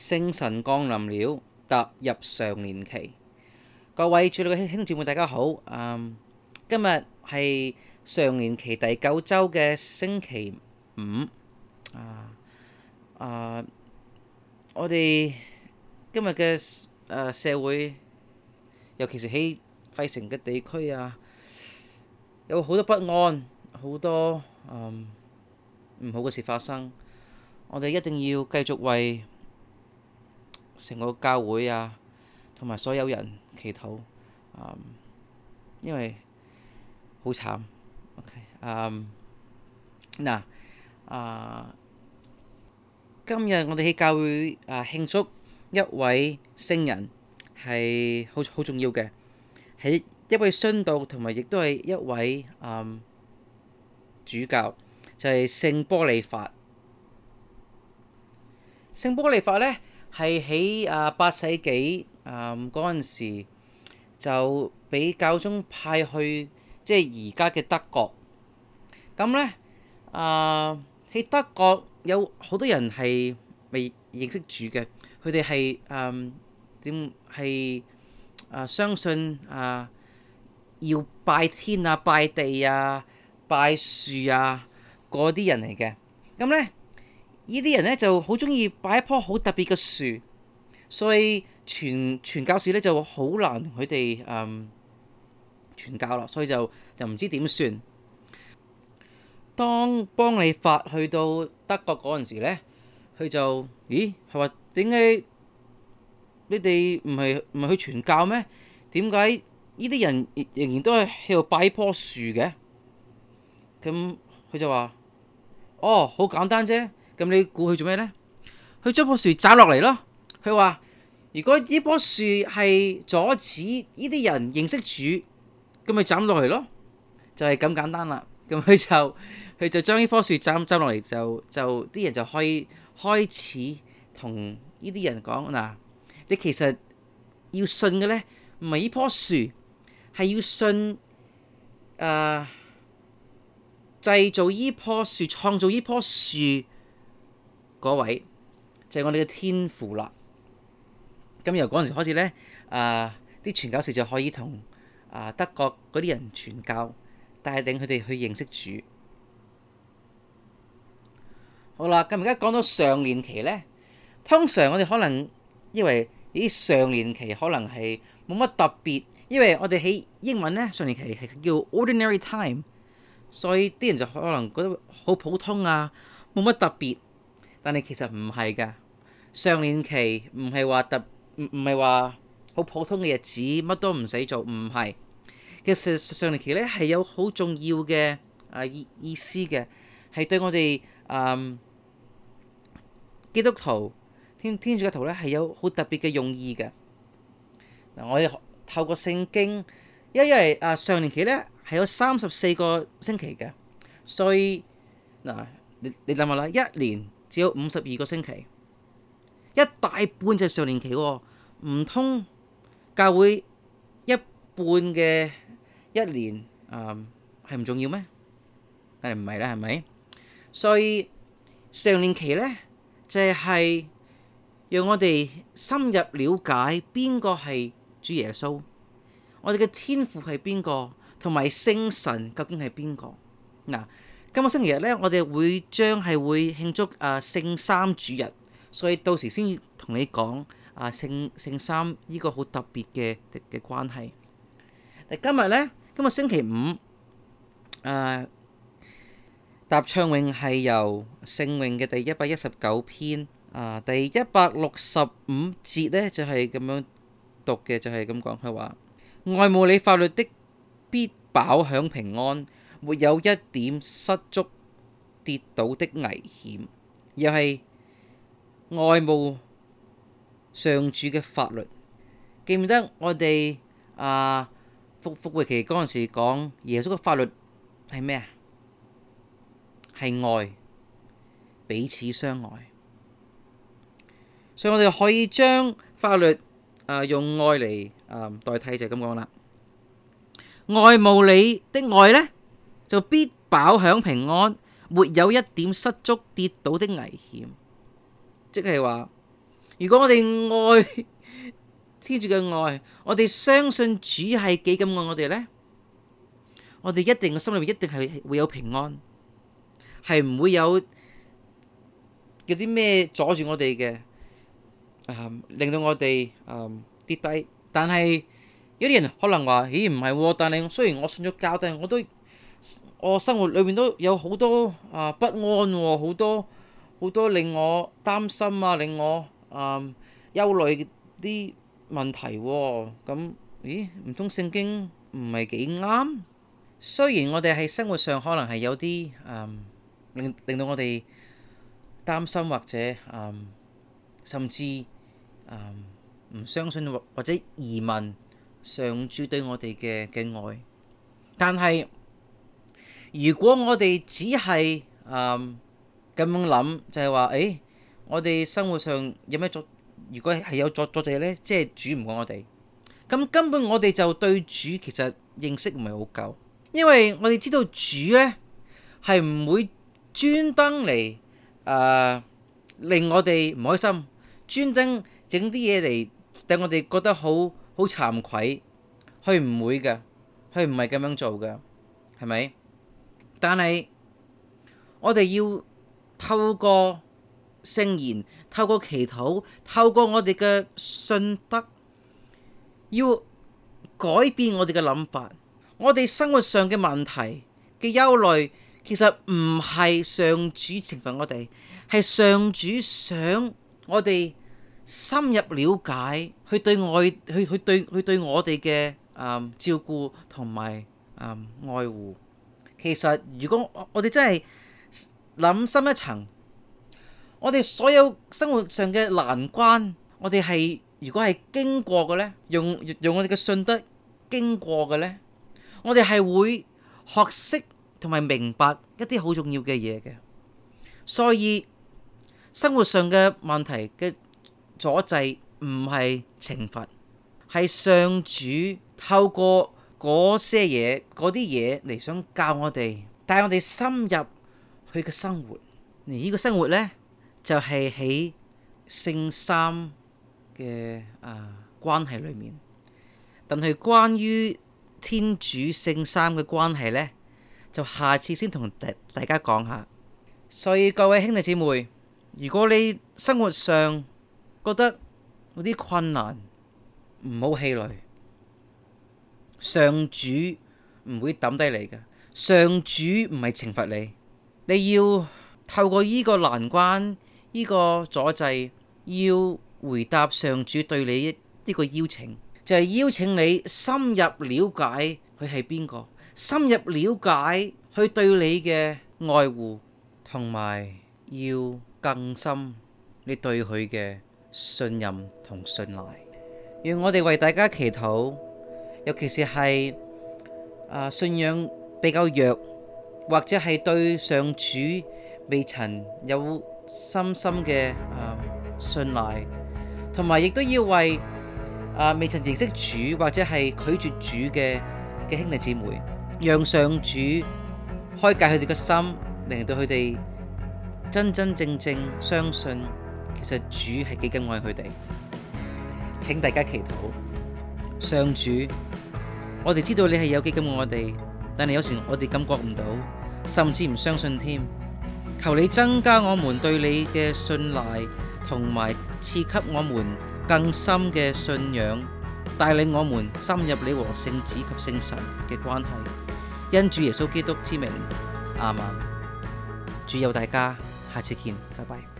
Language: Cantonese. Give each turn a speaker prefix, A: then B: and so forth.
A: 聖神降臨了，踏入常年期。各位主裏嘅弟兄姊妹，大家好。嗯，今日係常年期第九週嘅星期五。啊啊！我哋今日嘅社會，尤其是喺費城嘅地區啊，有好多不安，好多嗯唔好嘅事發生。我哋一定要繼續為，成個教會啊，同埋所有人祈禱，嗯，因為好慘，OK，嗯，嗱，啊，今日我哋喺教會啊慶祝一位聖人，係好好重要嘅，係一位殉道，同埋亦都係一位，嗯，主教，就係、是、聖波利法。聖波利法咧。係喺啊八世紀啊嗰陣時就俾教宗派去，即係而家嘅德國。咁咧啊喺德國有好多人係未認識主嘅，佢哋係嗯點係啊相信啊，要拜天啊拜地啊、拜樹啊嗰啲人嚟嘅。咁咧。呢啲人呢就好中意擺一棵好特別嘅樹，所以傳傳教士呢就好難同佢哋嗯傳教咯，所以就就唔知點算。當幫你發去到德國嗰陣時呢，佢就咦，佢話點解你哋唔係唔係去傳教咩？點解呢啲人仍然都係喺度擺棵樹嘅？咁佢就話：哦，好簡單啫。咁你估佢做咩呢？佢將棵樹斬落嚟咯。佢話：如果呢棵樹係阻止呢啲人認識主，咁咪斬落嚟咯。就係、是、咁簡單啦。咁佢就佢就將呢棵樹斬斬落嚟，就就啲人就可以開始同呢啲人講嗱、呃，你其實要信嘅呢，唔係呢棵樹，係要信誒製、呃、造呢棵樹、創造呢棵樹。嗰位就係、我哋嘅天父啦，咁、嗯、由嗰陣時開始呢，啊、呃、啲傳教士就可以同啊德國嗰啲人傳教，帶領佢哋去認識主。好啦，咁而家講到常年期呢，通常我哋可能因為咦，常年期可能係冇乜特別，因為我哋喺英文呢，常年期係叫 ordinary time，所以啲人就可能覺得好普通啊，冇乜特別。但係其實唔係噶，常年期唔係話特唔係話好普通嘅日子，乜都唔使做，唔係。其實常年期咧係有好重要嘅啊意意思嘅，係對我哋啊、嗯、基督徒天天主教徒咧係有好特別嘅用意嘅。嗱，我哋透過聖經，因為啊常年期咧係有三十四個星期嘅，所以嗱你你諗下啦，一年。只有五十二個星期，一大半就係常年期喎，唔通教會一半嘅一年，嗯，係唔重要咩？梗係唔係啦，係咪？所以常年期呢，就係讓我哋深入了解邊個係主耶穌，我哋嘅天父係邊個，同埋聖神究竟係邊個？嗱。今個星期日呢，我哋會將係會慶祝啊聖三主日，所以到時先同你講啊聖聖三呢個好特別嘅嘅關係。今日呢，今日星期五，誒、啊，答唱詠係由聖詠嘅第一百一十九篇啊第一百六十五節呢，就係、是、咁樣讀嘅，就係咁講，佢話愛慕你法律的必飽享平安。沒有一點失足跌倒的危險，又係愛慕上主嘅法律。記唔記得我哋啊復復活期嗰陣時講耶穌嘅法律係咩啊？係愛，彼此相愛，所以我哋可以將法律啊用愛嚟，啊代替就係咁講啦。愛慕你的愛咧，就必飽享平安，沒有一點失足跌倒的危險。即係話，如果我哋愛天主嘅愛，我哋相信主係幾咁愛我哋呢，我哋一定嘅心裏面一定係會有平安，係唔會有嗰啲咩阻住我哋嘅，啊令到我哋啊跌低。但係有啲人可能話，咦，唔係喎！但係雖然我信咗教，但係我都。我生活裏面都有好多啊不安，哦，好多好多令我擔心啊，令我啊憂慮啲問題，哦。咁、嗯、咦，唔通聖經唔係幾啱？雖然我哋喺生活上可能係有啲啊、嗯、令令到我哋擔心或、嗯嗯，或者啊甚至啊唔相信或或者疑問上主對我哋嘅嘅愛，但係。如果我哋只係誒咁樣諗，就係話誒，我哋生活上有咩作？如果係有作作嘅呢，即係主唔過我哋。咁根本我哋就對主其實認識唔係好夠，因為我哋知道主呢係唔會專登嚟誒令我哋唔開心，專登整啲嘢嚟令我哋覺得好好慚愧。佢唔會嘅，佢唔係咁樣做嘅，係咪？但係，我哋要透過聖言、透過祈禱、透過我哋嘅信德，要改變我哋嘅諗法。我哋生活上嘅問題嘅憂慮，其實唔係上主懲罰我哋，係上主想我哋深入了解，去對外去去對去對我哋嘅、嗯、照顧同埋啊愛護。其實，如果我哋真係諗深一層，我哋所有生活上嘅難關，我哋係如果係經過嘅呢，用用我哋嘅信德經過嘅呢，我哋係會學識同埋明白一啲好重要嘅嘢嘅。所以生活上嘅問題嘅阻滯唔係懲罰，係上主透過。嗰些嘢，嗰啲嘢嚟想教我哋，帶我哋深入佢嘅生活。而呢個生活咧，就係喺聖三嘅啊關係裏面。但係關於天主聖三嘅關係咧，就下次先同大大家講下。所以各位兄弟姊妹，如果你生活上覺得有啲困難，唔好氣餒。上主唔會抌低你㗎，上主唔係懲罰你，你要透過呢個難關、呢、呢個阻滯，要回答上主對你呢個邀請，就係、是、邀請你深入了解佢係邊個，深入了解佢對你嘅愛護，同埋要更深你對佢嘅信任同信賴。讓我哋為大家祈禱。尤其是係啊，信仰比較弱，或者係對上主未曾有深深嘅啊信賴，同埋亦都要為啊未曾認識主或者係拒絕主嘅嘅兄弟姊妹，讓上主開解佢哋嘅心，令到佢哋真真正正相信，其實主係幾咁愛佢哋。請大家祈禱上主。我哋知道你係有幾咁我哋，但係有時我哋感覺唔到，甚至唔相信添。求你增加我哋對你嘅信賴，同埋賜給我哋更深嘅信仰，帶領我哋深入你和聖子及聖神嘅關係。因主耶穌基督之名，阿們。主佑大家，下次見，拜拜。